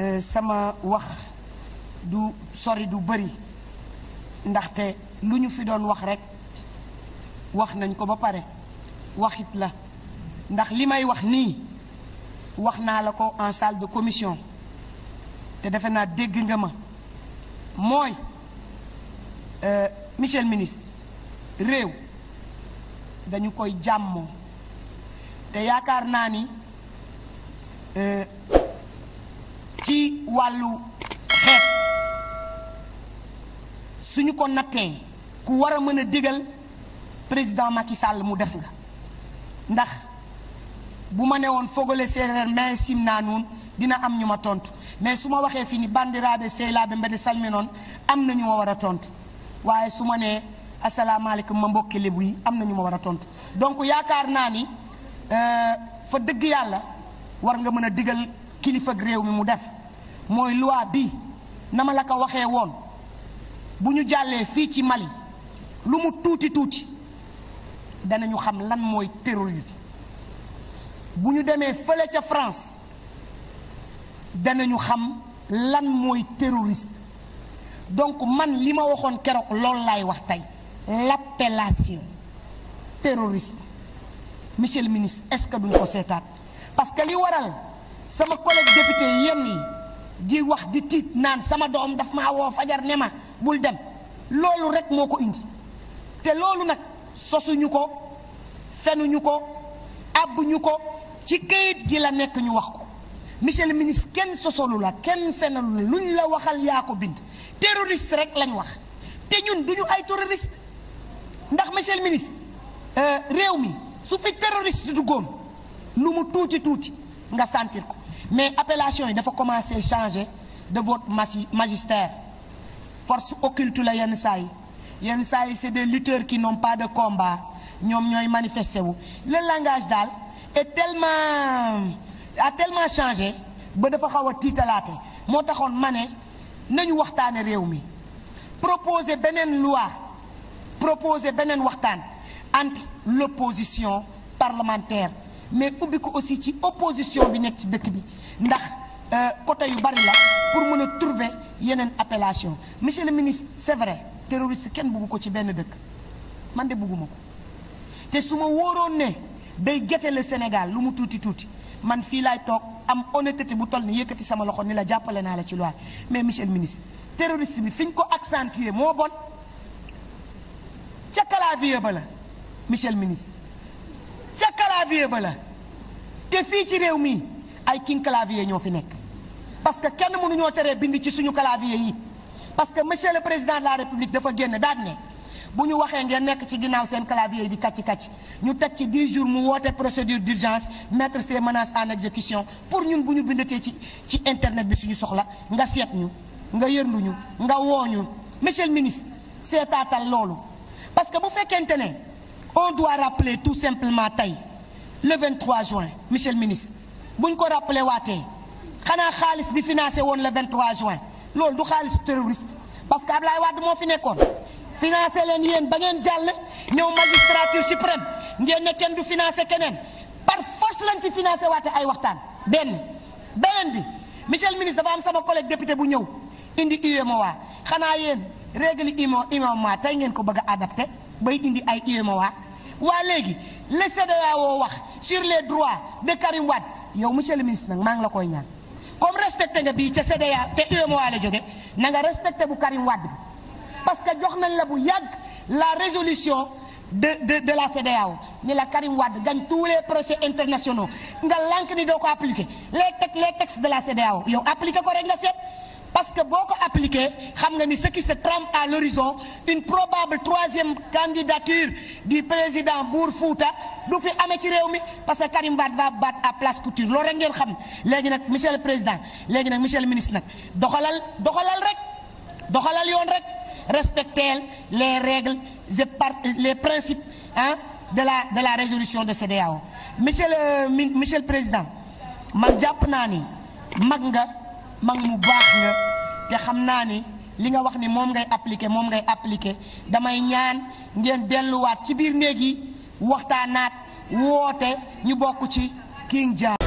Euh, sama wax du sori du bëri ndaxte lu ñu fi doon wax rekk wax nañ ko ba pare waxit la ndax li may wax nii wax naa la ko en salle de commission te defe naa dégg nga ma mooy euh, monsieur le ministre réew dañu koy jàmmoo te yaakaar naa ni euh, ci wàllu xeet suñu ko nattee ku war a mën a diggal président Macky Sall mu def nga ndax bu ma nee woon fogole séeréer mais sim naa nuun dina am ñu ma tontu mais su ma waxee fii ni bandiraaɓe sehlaaɓe mbede salminoon am na ñu ma war a tontu waaye su ma nee asalaamaaleykum ma mbokki lébu yi am na ñu ma war a tontu donc yaakaar naa ni euh, fa dëgg yàlla war nga mën a digal kilifa ak réew mi mu def mooy loi bi na ma la ko waxee woon bu ñu jàllee fii ci Mali lu mu tuuti tuuti danañu xam lan mooy terrorisme bu ñu demee fële ca France danañu xam lan mooy terroriste donc man li ma waxoon keroog loolu laay wax tey l'appellation terrorisme monsieur le ministre est-ce que duñ ko seetaat parce que li waral sama collègue député yenn yi gi wax di tiit naan sama doom daf ma woo fajar ne ma bul dem loolu rek moo ko indi te loolu nag sosuñu ko fenuñu ko àbbuñu ko ci kayit gi la nekk ñu wax ko monsieur le ministre kenn sosolu la kenn fenalu la ñu la waxal yaa ko bind terroriste rek lañ wax te ñun duñu ay terroriste ndax monsieur le ministre euh, réew mi su fi terroriste duggoon lu mu tuuti tuuti nga sentir ko mais appellation yi dafa commencer changer de votre magistère force occulte la yenn saa yi yenn saa yi c'est des lutteurs qui n'ont pas de combat ñoom ñooy manifester wu le langage daal est tellement a tellement changé ba dafa xaw a tiitalaate moo taxoon ma ne nañu waxtaane réew mi proposer beneen loi proposer beneen waxtaan entre l'opposition parlementaire mais ubbi ko aussi ci opposition bi nekk ci dëkk bi ndax côté euh, yu bari la pour mën a trouver yeneen appellation monsieur le ministre c'est vrai terroriste kenn buggu ko ci benn dëkk man de bugguma ko te su ma wóoroon ne day gete le Sénégal lu mu tuuti tuuti man fii laay toog am honnêteté bu toll ni yëkkati sama loxo ni la jàppale naa la ci loi mais monsieur le ministre terroriste bi fi ñu ko accentuer moo bon ca clavier ba la monsieur le ministre clavier ba la te fii ci réew mi ay king clavier ñoo fi nekk parce que kenn mënuñoo teree bind ci suñu clavier yi parce que monsieur le président de la république dafa génn daan ne bu ñu waxee ngeen nekk ci ginnaaw seen clavier yi di kàcci kàcci ñu teg ci 10 jours mu woote procédure d'urgence mettre ces menaces en exécution pour ñun bu ñu bindatee ci ci internet bi suñu soxla nga seet ñu nga yërluñu nga wooñu monsieur le ministre seetaatal loolu parce que bu fekkente ne on doit tout simplement tey le 23 juin monsieur le ministre buñ ko rappelé waatee xanaa xaalis bi financé woon le 23 juin loolu du xaalis terroriste parce que Ablaye Wade moo fi nekkoon financé leen yéen ba ngeen jàll ñëw magistrature suprême ngeen ne kenn du financé keneen par force lañ fi financé waate ay waxtaan benn beneen bi monsieur le ministre dafa am sama collègue député bu ñëw indi UEMOA xanaa yéen règle imo UEMOA tey ngeen ko bëgg a adapté bay indi ay UEMOA waa léegi le CEDEAO wax sur les droits de Karim Wade yow monsieur le ministre nag maa ngi la koy ñaan comme respecté nga bii ca CEDEA te UEMOA la jóge na nga respecté bu Karim Wade bi parce que jox nañ la bu yàgg la résolution de de de la CEDEAO ni la Karim Wade gagne tous les procès internationaux nga lank ni doo ko appliqué les textes les textes de la CEDEAO yow appliqué ko rek nga seet. parce que boo ko appliqué xam nga ni ce qui se trame à l'horizon une probable troisième candidature du président Bour Fouta du fi amee ci réew mi parce que Karim Wade va battre à place couture loolu rek ngeen xam léegi nag monsieur le président léegi nag monsieur le ministre nag doxalal doxalal rek doxalal yoon rek respectez les règles les principes ah de la de la résolution de CEDEAO monsieur le monsieur le président man jàpp naa ni mag nga mag mu baax nga. te xam naa ni li nga wax ni moom ngay appliqué moom ngay appliqué damay ñaan ngeen delluwaat ci biir néegi yi waxtaanaat woote ñu bokk ci King James